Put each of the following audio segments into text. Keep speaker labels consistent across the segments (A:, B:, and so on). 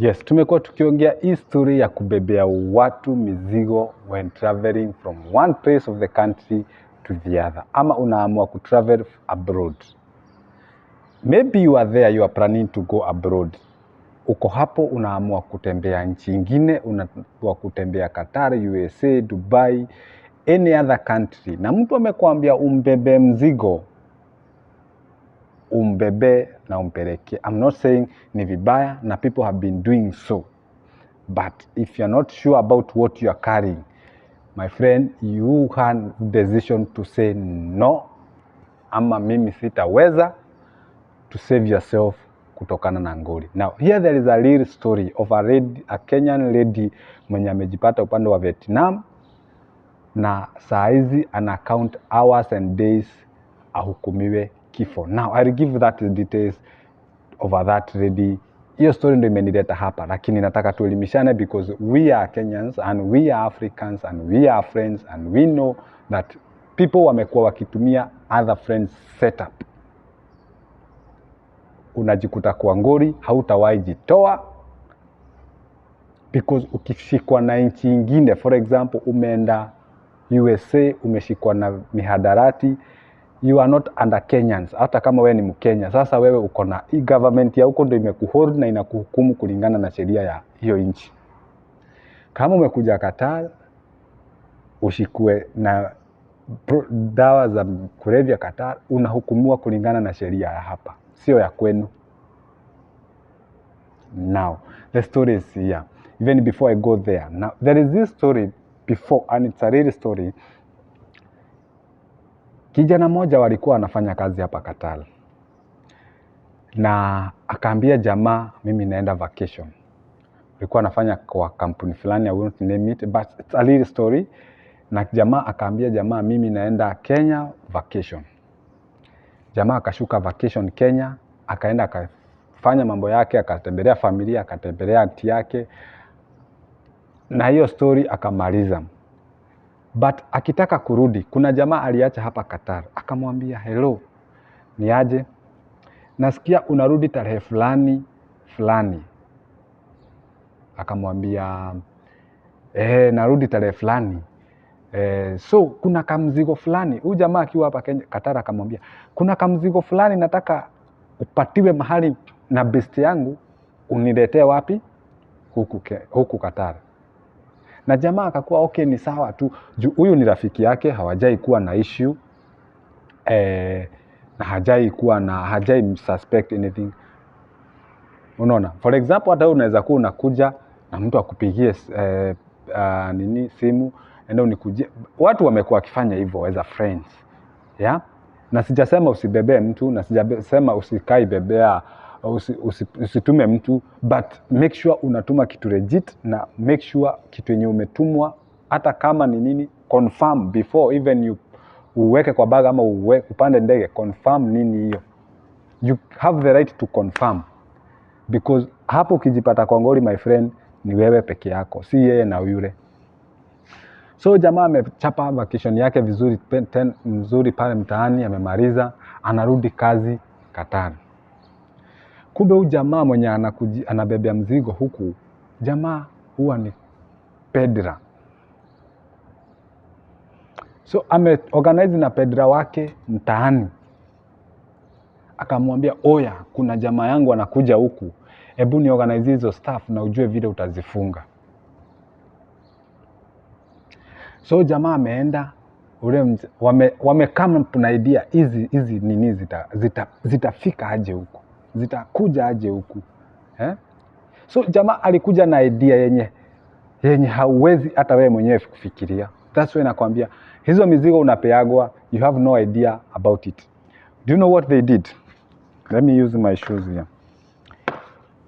A: Yes, tumekuwa tukiongea history ya kubebea watu mizigo when traveling from one place of the country to the other, ama unaamua travel abroad. Maybe you are there, you are planning to go abroad. Uko hapo unaamua kutembea nchi ingine, unaamua kutembea Qatar, USA, Dubai, any other country, na mtu amekwambia umbebe mzigo umbebe na umpeleke. I'm not saying ni vibaya na people have been doing so, but if you're not sure about what you are carrying, my friend, you can decision to say no, ama mimi sitaweza to save yourself kutokana na ngori. Now here there is a real story of a lady, a Kenyan lady mwenye amejipata upande wa Vietnam na saa hizi ana count hours and days ahukumiwe kifo. Now I'll give that details over that ready. Hiyo story ndio imenileta hapa, lakini nataka tuelimishane because we are Kenyans and we are Africans and we are friends and we know that people wamekuwa wakitumia other friends setup. Unajikuta kwa ngori, hautawahi jitoa because ukishikwa na nchi ingine, for example, umeenda USA umeshikwa na mihadarati you are not under Kenyans, hata kama wewe ni Mkenya. Sasa wewe uko na government ya huko ndio imekuhold na inakuhukumu kulingana na sheria ya hiyo nchi. Kama umekuja Qatar ushikue na dawa za kulevya Qatar, unahukumiwa kulingana na sheria ya hapa, sio ya kwenu. Now the story is here even before I go there. Now there is this story before and it's a real story Kijana mmoja walikuwa wanafanya kazi hapa Katala, na akaambia jamaa, mimi naenda vacation. Alikuwa anafanya kwa kampuni fulani, I won't name it, but it's a little story. Na jamaa akaambia jamaa, mimi naenda Kenya vacation. Jamaa akashuka vacation Kenya, akaenda akafanya mambo yake, akatembelea familia, akatembelea anti yake, na hiyo story akamaliza but akitaka kurudi, kuna jamaa aliacha hapa Qatar, akamwambia hello, ni aje, nasikia unarudi tarehe fulani fulani. Akamwambia eh, narudi tarehe fulani Eh, so kuna kamzigo fulani huyu jamaa akiwa hapa Kenya Qatar, akamwambia kuna kamzigo fulani nataka upatiwe mahali na besti yangu uniletee wapi huku, huku Katara na jamaa akakuwa okay, ni sawa tu juu huyu ni rafiki yake, hawajai kuwa na issue eh, na hajai kuwa na hajai suspect anything. Unaona, for example, hata unaweza kuwa unakuja na mtu akupigie eh, uh, nini simu enda unikujie. Watu wamekuwa wakifanya hivyo as a friends yeah? na sijasema usibebee mtu na sijasema usikaibebea usitume usi, usi, mtu but make sure unatuma kitu legit na make sure kitu yenye umetumwa hata kama ni nini, confirm before even you uweke kwa baga ama uwe, upande ndege, confirm nini hiyo. You have the right to confirm because hapo ukijipata kwa ngori my friend, ni wewe peke yako, si yeye na yule. So jamaa amechapa vacation yake vizuri ten, mzuri pale mtaani, amemaliza, anarudi kazi Katari. Kumbe huu jamaa mwenye anabebea mzigo huku, jamaa huwa ni Pedra. So organize na Pedra wake mtaani, akamwambia oya, kuna jamaa yangu anakuja huku, hebu ni organize hizo staff na ujue vile utazifunga. So jamaa ameenda ule wame, wame come up na idea hizi hizi nini zitafika zita aje huko zitakuja aje huku eh? So jamaa alikuja na idea yenye yenye hauwezi hata wewe mwenyewe kufikiria. That's why nakwambia hizo mizigo unapeagwa, you have no idea about it. Do you know what they did? Let me use my shoes here.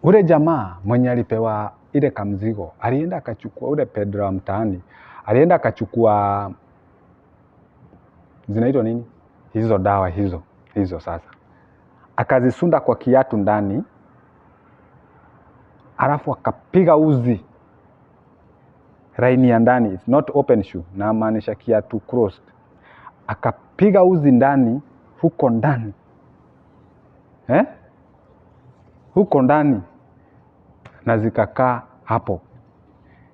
A: Ule jamaa mwenye alipewa ile kamzigo alienda akachukua ule Pedro wa mtaani alienda akachukua zinaitwa nini hizo dawa hizo hizo sasa akazisunda kwa kiatu ndani, alafu akapiga uzi raini ya ndani, it's not open shoe, na maanisha kiatu crossed, akapiga uzi ndani huko ndani eh? huko ndani na zikakaa hapo.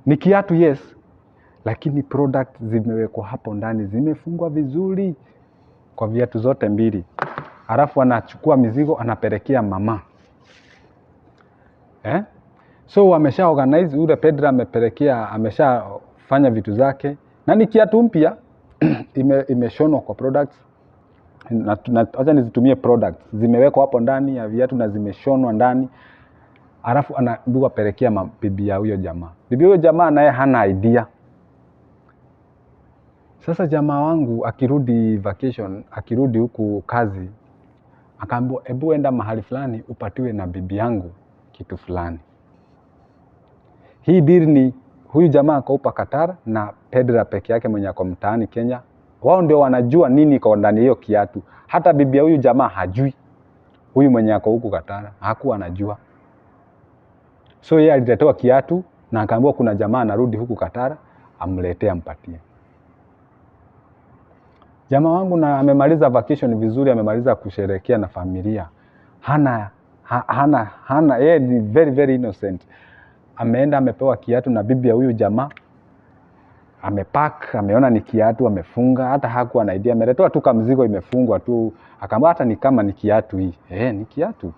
A: Ni kiatu yes, lakini product zimewekwa hapo ndani, zimefungwa vizuri kwa viatu zote mbili alafu anachukua mizigo anapelekea mama eh? So amesha organize ule Pedro amepelekea, ameshafanya vitu zake na ni kiatu mpya imeshonwa ime kwa products acha nizitumie products zimewekwa hapo ndani ya viatu na zimeshonwa ndani, alafu anaambiwa pelekea bibi ya huyo jamaa. Bibi huyo jamaa naye hana idea. Sasa jamaa wangu akirudi vacation, akirudi huku kazi akaambiwa, hebu enda mahali fulani upatiwe na bibi yangu kitu fulani. Hii dili ni huyu jamaa akaupa Katara na Pedra peke yake mwenye ako mtaani Kenya. Wao ndio wanajua nini iko ndani hiyo kiatu, hata bibi ya huyu jamaa hajui. Huyu mwenye ako huku Katara hakuwa anajua, so yeye aliletewa kiatu na akaambiwa kuna jamaa anarudi huku Katara, amletee ampatie. Jamaa wangu na amemaliza vacation vizuri, amemaliza kusherekea na familia, hana ha, hana hana yeye ni very very innocent. Ameenda amepewa kiatu na bibi ya huyu jamaa, amepack, ameona ni kiatu, amefunga, hata hakuwa na idea, ameletewa tu kamzigo, imefungwa tu, akaambia hata ni kama ni kiatu hii eh, ni kiatu,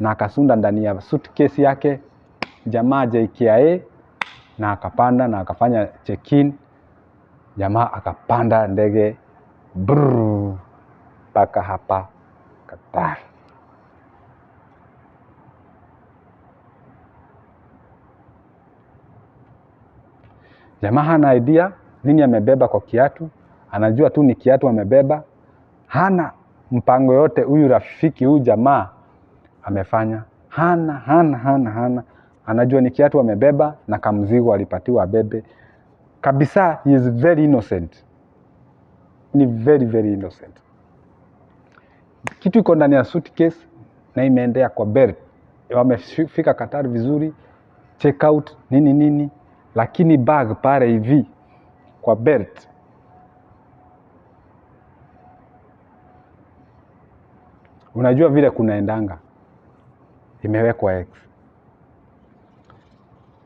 A: na akasunda ndani ya suitcase yake jamaa JKIA, na akapanda na akafanya check in, jamaa akapanda ndege mpaka hapa Qatar. Jamaa hana idea nini amebeba kwa kiatu, anajua tu ni kiatu amebeba, hana mpango yote. Huyu rafiki huyu jamaa amefanya hana hana hana hana, anajua ni kiatu amebeba na kamzigo alipatiwa abebe kabisa. He is very innocent ni very very innocent. Kitu iko ndani ya suitcase na imeendea kwa belt, wamefika Qatar vizuri, check out nini nini, lakini bag pale hivi kwa belt Unajua vile kunaendanga, imewekwa X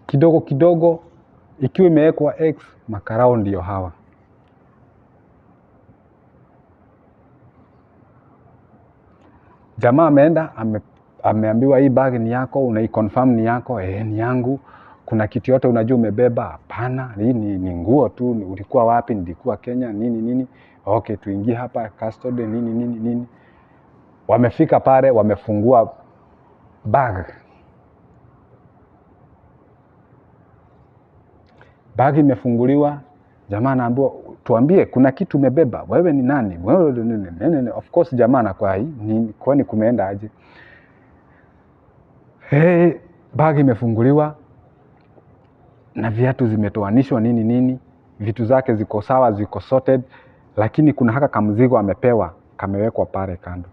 A: kidogo kidogo, ikiwa imewekwa X, makarao ndio hawa. jamaa ameenda ame, ameambiwa hii bag ni yako, unaiconfirm ni yako? Eh, ni yangu. Kuna kitu yote unajua umebeba? Hapana, hii ni, ni nguo tu. Ulikuwa wapi? Nilikuwa Kenya. Nini nini? Okay, tuingie hapa custody nini nini nini. Wamefika pale, wamefungua bag bag imefunguliwa Jamaa anaambiwa tuambie, kuna kitu umebeba wewe, ni nani wewe, nini, nini. Of course jamaa anakuwa ni kwani kumeenda aje? Hey, bagi imefunguliwa na viatu zimetoanishwa nini nini, vitu zake ziko sawa, ziko sorted, lakini kuna haka kamzigo amepewa kamewekwa pale kando.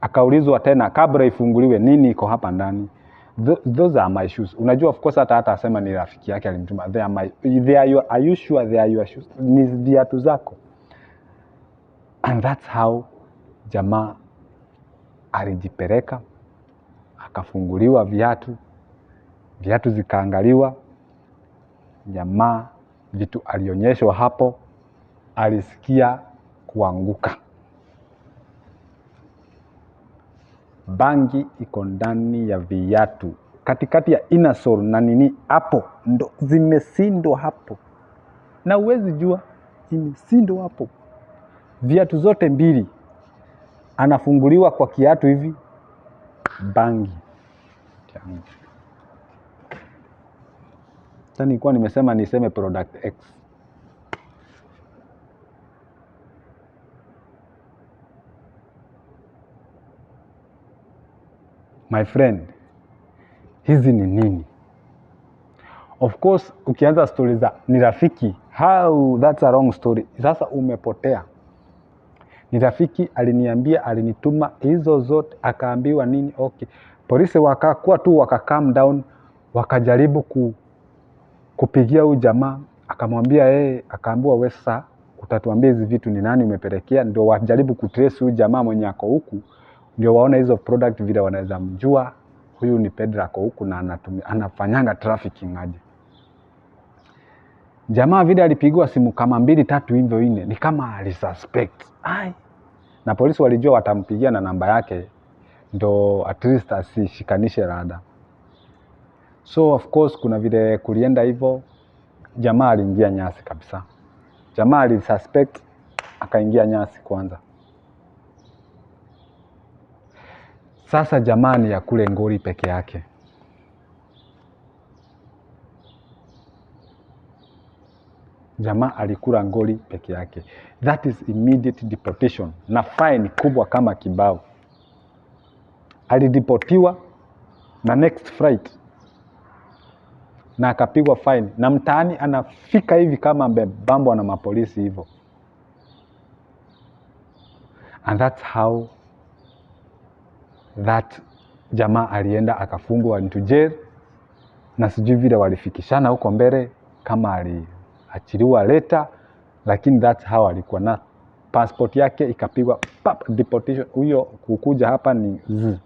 A: Akaulizwa tena kabla ifunguliwe, nini iko hapa ndani? those are my shoes. Unajua of course hata hata asema ni rafiki yake alimtuma. They are my they are your, are you sure they are your shoes? Ni viatu zako. And that's how jamaa alijipeleka akafunguliwa viatu, viatu zikaangaliwa. Jamaa vitu alionyeshwa hapo, alisikia kuanguka. bangi iko ndani ya viatu katikati ya inasol na nini hapo, ndo zimesindwa hapo, na uwezi jua imesindwa hapo. Viatu zote mbili, anafunguliwa kwa kiatu hivi, bangi yaani, tanikuwa nimesema niseme product X my friend, hizi ni nini? Of course ukianza stori za ni rafiki, how that's a wrong story. Sasa umepotea. Ni rafiki aliniambia, alinituma hizo zote, akaambiwa nini? Okay, polisi wakakuwa tu waka calm down, wakajaribu ku, kupigia huyu jamaa, akamwambia yeye, akaambiwa wewe sasa utatuambia hizi vitu ni nani umepelekea, ndio wajaribu kutrace huyu jamaa mwenye ako huku ndio waone hizo product vile wanaweza mjua huyu ni Pedro ako huku na anatumia, anafanyanga trafficking aje. Jamaa vile alipigiwa simu kama mbili tatu hivyo nne, ni kama alisuspect ai, na polisi walijua watampigia na namba yake ndo at least asishikanishe rada. So of course kuna vile kulienda hivyo, jamaa aliingia nyasi kabisa. Jamaa alisuspect akaingia nyasi kwanza. Sasa jamani, ya kule ngoli peke yake jamaa alikula ngoli peke yake, that is immediate deportation na fine kubwa kama kibao. alidipotiwa na next flight na akapigwa fine, na mtaani anafika hivi kama bambwa na mapolisi hivyo, and that's how that jamaa alienda akafungwa into jail, na sijui vile walifikishana huko mbele kama aliachiliwa leta, lakini that's how alikuwa na passport yake ikapigwa pap deportation. Huyo kukuja hapa ni zzz.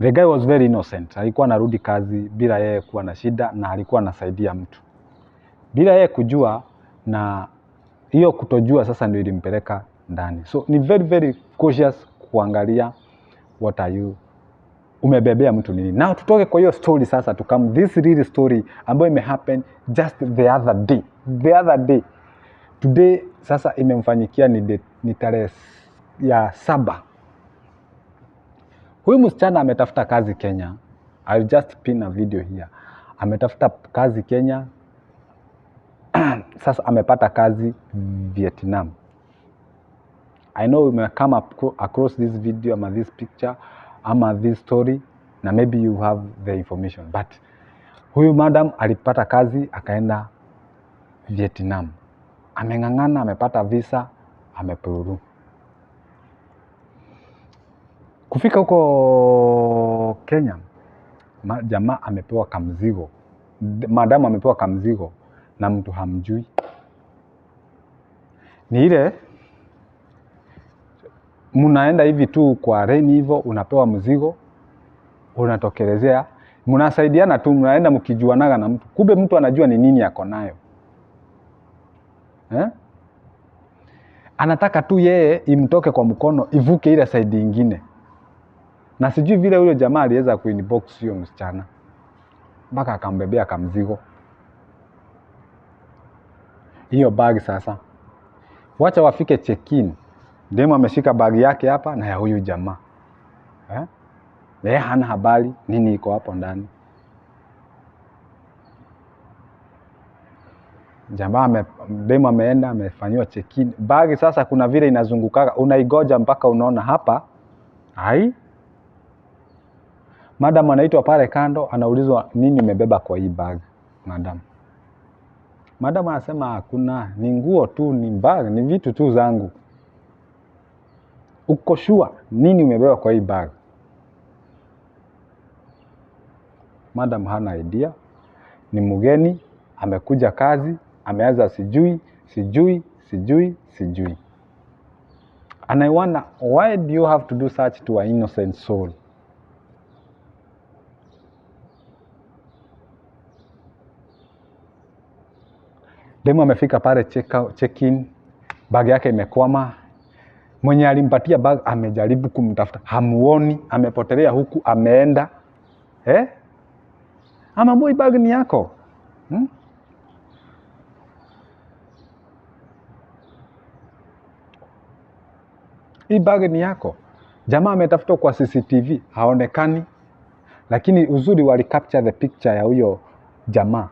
A: The guy was very innocent, alikuwa anarudi kazi bila yeye kuwa na shida, na alikuwa anasaidia mtu bila yeye kujua, na hiyo kutojua sasa ndio ilimpeleka ndani. So ni very very cautious kuangalia what are you umebebea mtu nini. Now tutoke kwa hiyo story sasa, come this real story ambayo imehappen just the other day, the other day today. Sasa imemfanyikia ni, ni tarehe ya saba. Huyu msichana ametafuta kazi Kenya. I'll just pin a video here. Ametafuta kazi Kenya sasa amepata kazi Vietnam. I know you may come up across this video ama this picture ama this story na maybe you have the information but huyu madam alipata kazi akaenda Vietnam, ameng'ang'ana, amepata visa, amepururu kufika huko Kenya. Jamaa amepewa kamzigo, madamu amepewa kamzigo na mtu hamjui, ni ile mnaenda hivi tu kwa reni hivyo, unapewa mzigo unatokelezea, mnasaidiana tu, mnaenda mkijuanaga na mtu, kumbe mtu anajua ni nini ako nayo eh? Anataka tu yeye imtoke kwa mkono ivuke ile saidi ingine, na sijui vile huyo jamaa aliweza kuinbox hiyo msichana mpaka akambebea kamzigo hiyo bag. Sasa wacha wafike check-in. Demu ameshika bagi yake hapa na ya huyu jamaa eh? Yeye hana habari nini iko hapo ndani. Jamaa ame, demu ameenda amefanyiwa check in. Bagi sasa kuna vile inazungukaga, unaigoja mpaka unaona hapa hai madam anaitwa pale kando, anaulizwa nini umebeba kwa hii bagi madam. Madam anasema hakuna, ni nguo tu, ni bag, ni vitu tu zangu uko sure nini umebeba kwa hii bag? Madam hana idea, ni mgeni amekuja kazi, ameanza sijui sijui sijui sijui. And I wonder why do you have to do such to an innocent soul? Demu amefika pale check in, bag yake imekwama mwenye alimpatia bag amejaribu kumtafuta, hamuoni, amepotelea huku, ameenda eh? Ama mboi bag ni yako hmm? Hii bag ni yako. Jamaa ametafutwa kwa CCTV haonekani, lakini uzuri wali capture the picture ya huyo jamaa.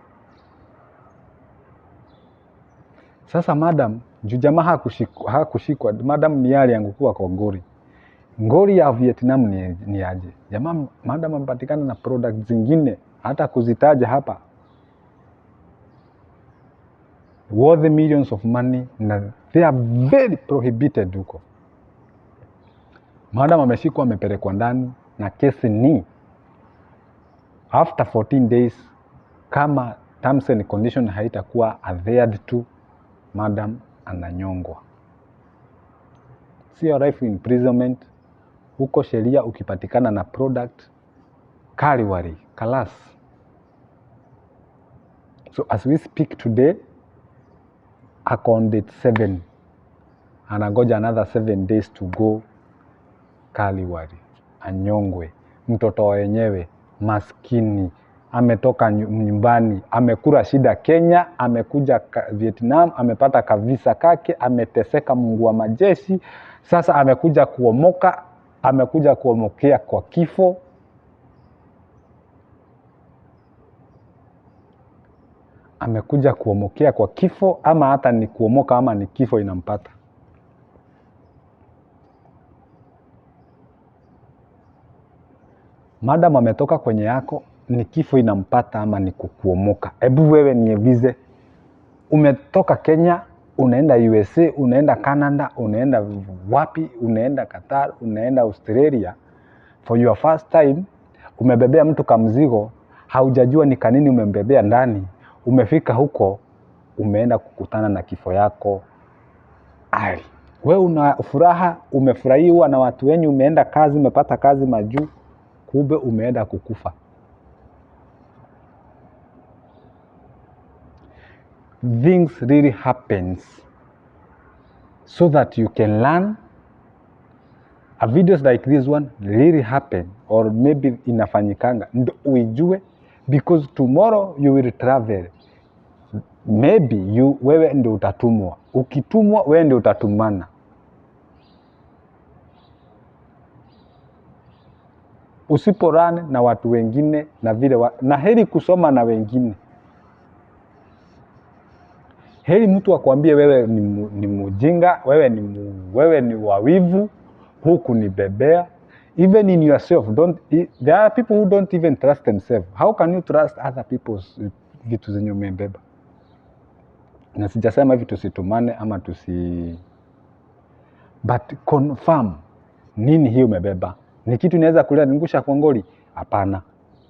A: Sasa madam juu jamaa hakushikwa, hakushikwa madam ni yale yangukuwa kwa ngori ngori ya Vietnam ni, ni aje jamaa madam amepatikana na product zingine hata kuzitaja hapa worth millions of money na they are very prohibited huko. Madam ameshikwa amepelekwa ndani na kesi ni after 14 days, kama terms and condition haitakuwa adhered to, madam ananyongwa. Sio life imprisonment huko sheria. Ukipatikana na product kaliwari kalas. So as we speak today ako on date 7 anangoja another 7 days to go kaliwari, anyongwe mtoto wenyewe maskini ametoka nyumbani, amekura shida Kenya, amekuja Vietnam, amepata kavisa kake, ameteseka, Mungu wa majeshi. Sasa amekuja kuomoka, amekuja kuomokea kwa kifo. Amekuja kuomokea kwa kifo, ama hata ni kuomoka ama ni kifo inampata. Madam ametoka kwenye yako ni kifo inampata ama ni kukuomoka. Hebu wewe nievize, umetoka Kenya unaenda USA, unaenda Canada, unaenda wapi, unaenda Qatar, unaenda Australia for your first time, umebebea mtu kamzigo, haujajua ni kanini umembebea ndani. Umefika huko, umeenda kukutana na kifo yako ali we una furaha, umefurahiwa na watu wenyu, umeenda kazi, umepata kazi majuu, kumbe umeenda kukufa. things really happens so that you can learn a videos like this one really happen or maybe inafanyikanga ndo uijue because tomorrow you will travel maybe you wewe ndo utatumwa ukitumwa wewe ndo utatumana usiporane na watu wengine na vile wa, na heri kusoma na wengine heri mtu akwambie wewe ni, ni mujinga, wewe ni, wewe ni wawivu, huku ni bebea. Even in yourself don't, there are people who don't even trust themselves. How can you trust other people's eh, vitu zenye umebeba? Na sijasema hivi tusitumane ama tusi, but confirm nini hii umebeba. Ni kitu inaweza kulia ningusha kongoli? Hapana,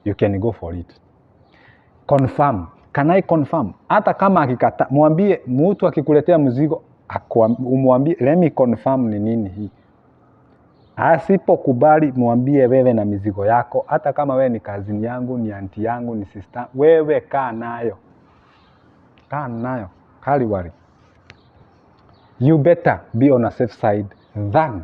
A: you can go for it. Confirm can I confirm? Hata kama akikata, mwambie mtu akikuletea mzigo umwambie let me confirm ni nini hii. Asipokubali mwambie wewe na mizigo yako, hata kama wewe ni kazini yangu, ni anti yangu, ni sister, wewe kaa nayo, kaa nayo, kaliwari. You better be on a safe side than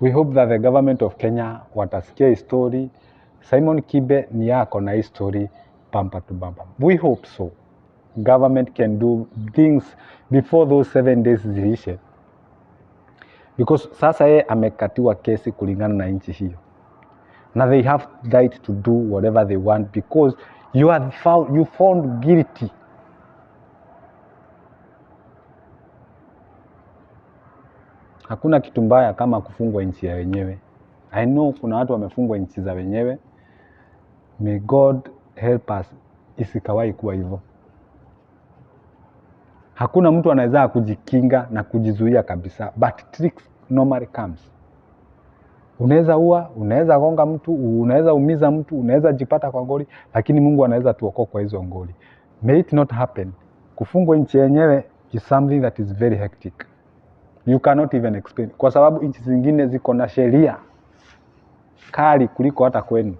A: We hope that the government of Kenya watasikia hii story. Simon Kibe ni yako na hii story to bumper. We hope so. Government can do things before those seven days ziishe, because sasa yeye amekatiwa kesi kulingana na nchi hiyo, na they have right to do whatever they want because you are found, you found guilty Hakuna kitu mbaya kama kufungwa nchi ya wenyewe. I know kuna watu wamefungwa nchi za wenyewe. May God help us isikawahi kuwa hivyo. Hakuna mtu anaweza kujikinga na kujizuia kabisa, but tricks normally comes. Unaweza ua, unaweza gonga mtu, unaweza umiza mtu, unaweza jipata kwa ngoli, lakini Mungu anaweza tuokoa kwa hizo ngoli. May it not happen. Kufungwa nchi yenyewe is something that is very hectic you cannot even explain, kwa sababu nchi zingine ziko na sheria kali kuliko hata kwenu.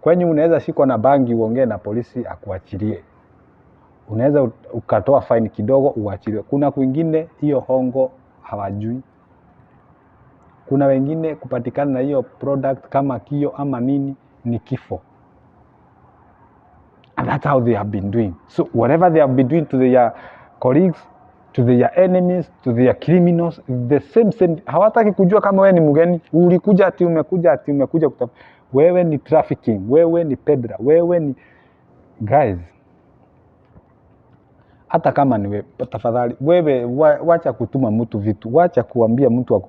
A: Kwenyu unaweza shikwa na bangi uongee na polisi akuachilie, unaweza ukatoa faini kidogo uachiliwe. Kuna kwingine hiyo hongo hawajui. Kuna wengine kupatikana na hiyo product kama kio ama nini ni kifo. And that's how they have been doing. So whatever they have been doing to their colleagues to their enemies to their criminals the same same. Hawataki kujua kama wewe ni mgeni, ulikuja ati umekuja ati umekuja kutafuta. Wewe ni trafficking, wewe ni pedra, wewe ni guys. Hata kama niwe, tafadhali wewe wacha kutuma mtu vitu, wacha kuambia mtu wako,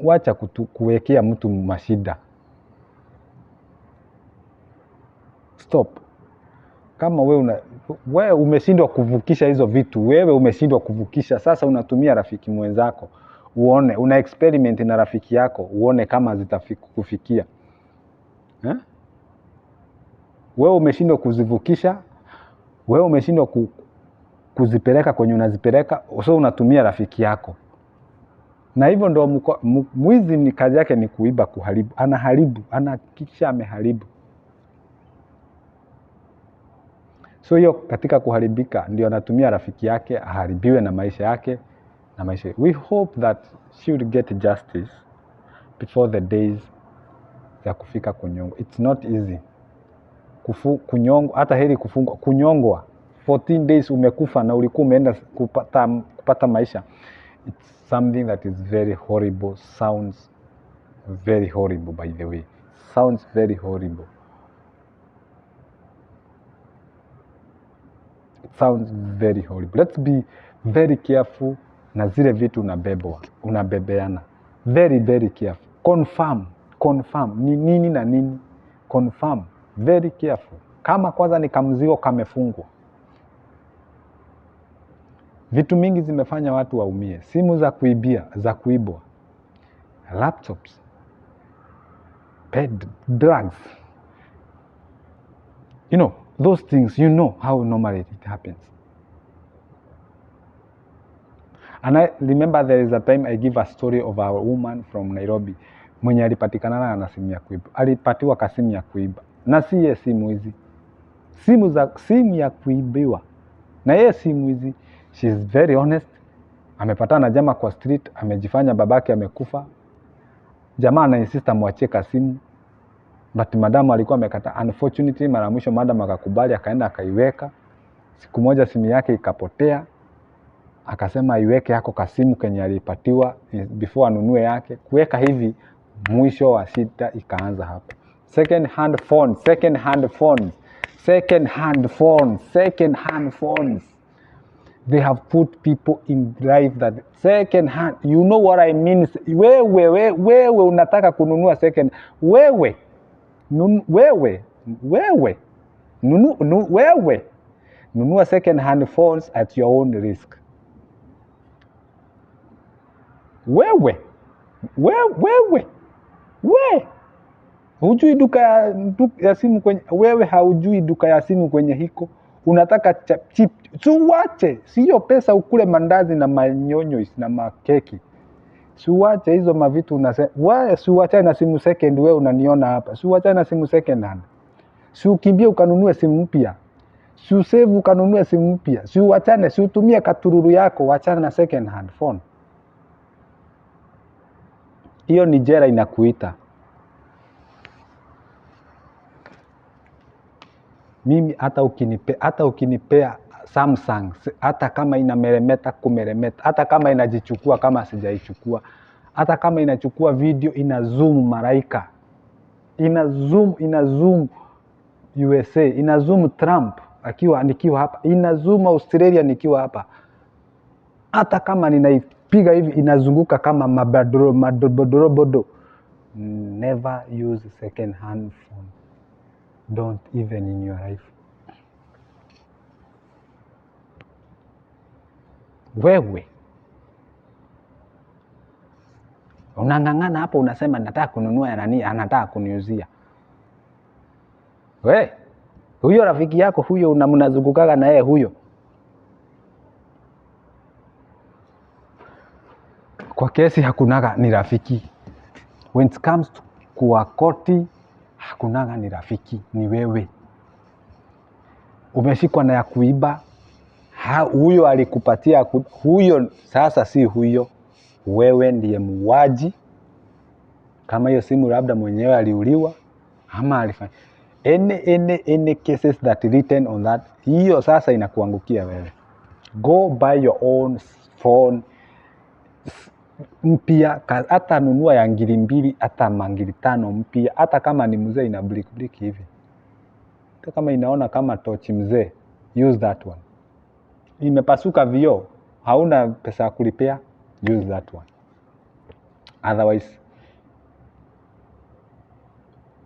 A: wacha kutu, kuwekea mtu mashida. Stop kama we, una, we umeshindwa kuvukisha hizo vitu, wewe umeshindwa kuvukisha. Sasa unatumia rafiki mwenzako uone, una experiment na rafiki yako uone kama zitakufikia eh? Wewe umeshindwa kuzivukisha, wewe umeshindwa ku, kuzipeleka kwenye unazipeleka, so unatumia rafiki yako, na hivyo ndo mwizi, ni kazi yake ni kuiba, kuharibu. Anaharibu, anahakikisha ameharibu. So hiyo katika kuharibika ndio anatumia rafiki yake aharibiwe na maisha yake na maisha. We hope that she will get justice before the days ya kufika kunyongwa. It's not easy kufu, kunyongwa, hata heri kufungwa, kunyongwa 14 days umekufa na ulikuwa umeenda kupata, kupata maisha. It's something that is very horrible, sounds very horrible by the way, sounds very horrible. sounds very horrible. Let's be very careful na zile vitu unabebwa, unabebeana. Very very careful. Confirm, confirm ni nini na nini. Confirm, very careful. Kama kwanza ni kamzio kamefungwa, vitu mingi zimefanya watu waumie, simu za kuibia, za kuibwa, laptops, bed, drugs, you know those things, you know how normally it happens. And I remember there is a time I give a story of a woman from Nairobi mwenye alipatikanana na simu ya kuiba, alipatiwa ka simu ya kuiba, na si ye simu hizi, simu za simu ya kuibiwa, na yeye simu hizi. She is very honest. Amepatana na jamaa kwa street, amejifanya babake amekufa, jamaa anainsista mwachie ka simu but madam alikuwa amekata. Unfortunately, mara mwisho madam akakubali, akaenda akaiweka. Siku moja simu yake ikapotea, akasema aiweke yako kasimu kenye alipatiwa eh, before anunue yake. Kuweka hivi, mwisho wa sita ikaanza hapo. Second hand phone, second hand phone, second hand phone, second hand phones. They have put people in drive that second hand. You know what I mean? Wewe wewe wewe unataka kununua second wewe nun, wewe wewe nunu, nu, wewe nunua second hand phones at your own risk. Wewe wewe wewe we hujui duka ya, duka ya simu kwenye, wewe haujui duka ya simu kwenye hiko unataka chip tuwache, siyo pesa ukule mandazi na manyonyo na makeki siuache hizo mavitu unasema, wewe siuache na simu second. Wewe unaniona hapa, siuache na simu second hand, siukimbie ukanunue simu mpya, siusave ukanunue simu mpya, siuachane, siutumie katururu yako, wachana na second hand phone. Hiyo ni jera inakuita. Mimi hata ukinipea hata ukinipea Samsung, hata kama inameremeta kumeremeta, hata kama inajichukua kama sijaichukua, hata kama inachukua video ina zoom maraika, ina zoom, ina zoom USA, ina zoom Trump akiwa nikiwa hapa, ina zoom Australia nikiwa hapa. Hata kama ninaipiga hivi inazunguka kama mabadro madobodorobodo. Never use second hand phone, don't even in your life. wewe unang'ang'ana hapo, unasema nataka kununua nani, anataka kuniuzia we. Huyo rafiki yako huyo unamnazungukaga na yeye huyo, kwa kesi hakunaga ni rafiki. When it comes to kwa koti, hakunaga ni rafiki, ni wewe umeshikwa na ya kuiba ha, huyo alikupatia huyo, sasa si huyo, wewe ndiye muuaji. Kama hiyo simu labda mwenyewe aliuliwa ama alifanya any, any, any cases that written on that, hiyo sasa inakuangukia wewe. Go buy your own phone mpya, hata nunua ya ngiri mbili hata mangiri tano mpya, hata kama ni mzee ina blikblik hivi, kama inaona kama tochi mzee, use that one imepasuka vio, hauna pesa ya kulipia, use that one. Otherwise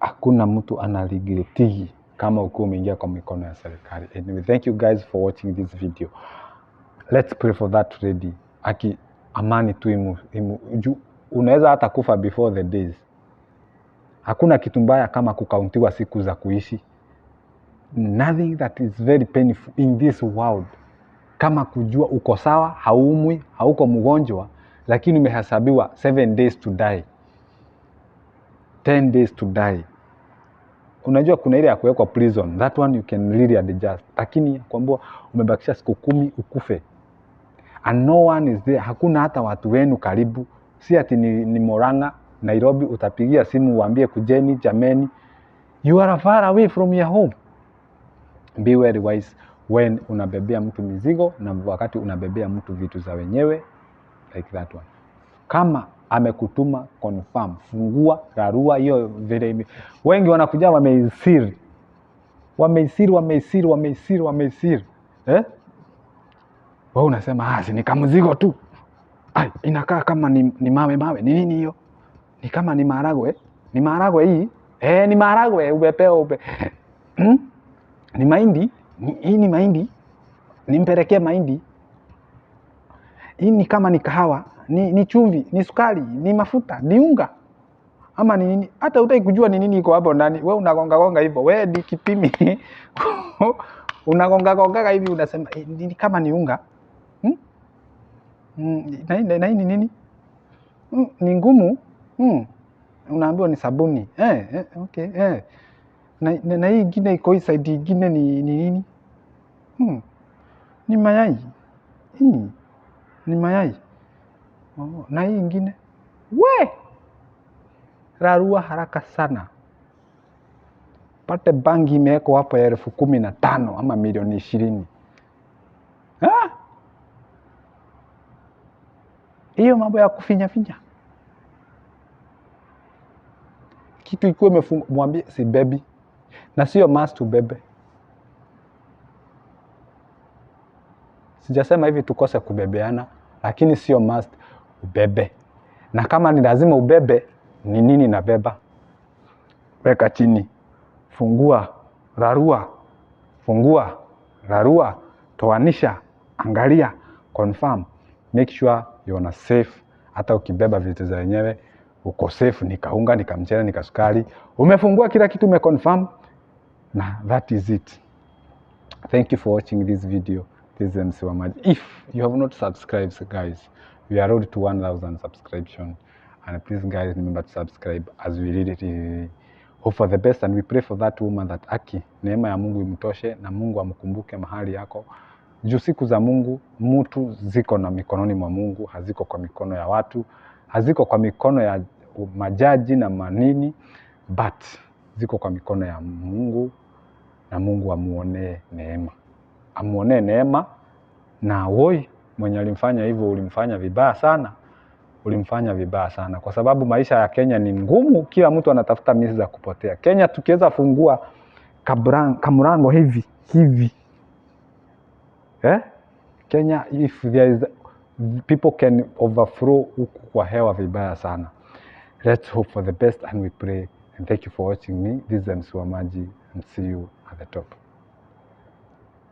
A: hakuna mtu analigiretigi kama ukiwa umeingia kwa mikono ya serikali. Anyway, thank you guys for watching this video. Let's pray for that lady. Aki amani tu imu, imu, ju, unaweza hata kufa before the days. Hakuna kitu mbaya kama kukauntiwa siku za kuishi. Nothing that is very painful in this world kama kujua uko sawa, haumwi, hauko mgonjwa, lakini umehesabiwa 7 days to die, 10 days to die. Unajua kuna ile ya kuwekwa prison, that one you can really adjust, lakini kwambua umebakisha siku kumi ukufe, and no one is there, hakuna hata watu wenu karibu. Si ati ni, ni Moranga Nairobi, utapigia simu uambie kujeni, jameni, you are far away from your home. Be very wise when unabebea mtu mizigo na wakati unabebea mtu vitu za wenyewe like that one. Kama amekutuma confirm, fungua rarua hiyo vile. Wengi wanakuja wameisiri, wameisiri, wameisiri, wameisiri, wameisiri eh? Wewe unasema ah, ni kama mzigo tu, ai, inakaa kama ni, ni mawe mawe, ni nini hiyo? Ni kama ni maharagwe, ni maharagwe hii eh, ni maharagwe ubepeo ube. Hmm? ni mahindi hii ni mahindi, nimpelekee mahindi. Hii ni kama ni kahawa, ni, ni chumvi, ni sukari, ni mafuta, ni unga ama ni nini? Hata utai kujua ni nini iko hapo ndani. Wewe unagonga gonga hivyo, wewe ni kipimi unagonga gonga hivi, unasema eh, ni, ni kama ni unga hmm? hmm na hii na ni nini mm, ni ngumu hmm? Unaambiwa ni sabuni eh, eh, okay eh na, na, na hii ingine iko hii side ingine ni, ni nini? Hmm. Ni mayai hmm. ni mayai oh, na hii ingine we rarua haraka sana, pate bangi imewekwa hapo ya elfu kumi na tano ama milioni ishirini hiyo mambo ya kufinya finya kitu ikuwa imefungwa, mwambie si baby na sio must ubebe. Sijasema hivi tukose kubebeana, lakini sio must ubebe, na kama ni lazima ubebe, ni nini nabeba? Weka chini, fungua, rarua, fungua, rarua, toanisha, angalia, confirm, make sure you are safe. Hata ukibeba vitu za wenyewe uko safe. Nikaunga, nikamchele, nikasukari, umefungua kila kitu, umeconfirm na that is it. Thank you for watching this video. This is MC Wamaji. If you have not subscribed, guys, we are road to 1000 subscription and please guys remember to subscribe as we read it. Hope for the best and we pray for that woman that Aki, neema ya Mungu imtoshe na Mungu amkumbuke mahali yako juu siku za Mungu mtu ziko na mikononi mwa Mungu, haziko kwa mikono ya watu, haziko kwa mikono ya majaji na manini, but ziko kwa mikono ya Mungu na Mungu amuonee neema, amuonee neema. Na woi mwenye alimfanya hivyo, ulimfanya vibaya sana, ulimfanya vibaya sana, kwa sababu maisha ya Kenya ni ngumu. Kila mtu anatafuta mizi za kupotea. Kenya tukiweza fungua kamrango hivi hivi eh? Kenya if there is people can overflow huku kwa hewa vibaya sana. Let's hope for the best and we pray and thank you for watching me. This is Maji and see you top.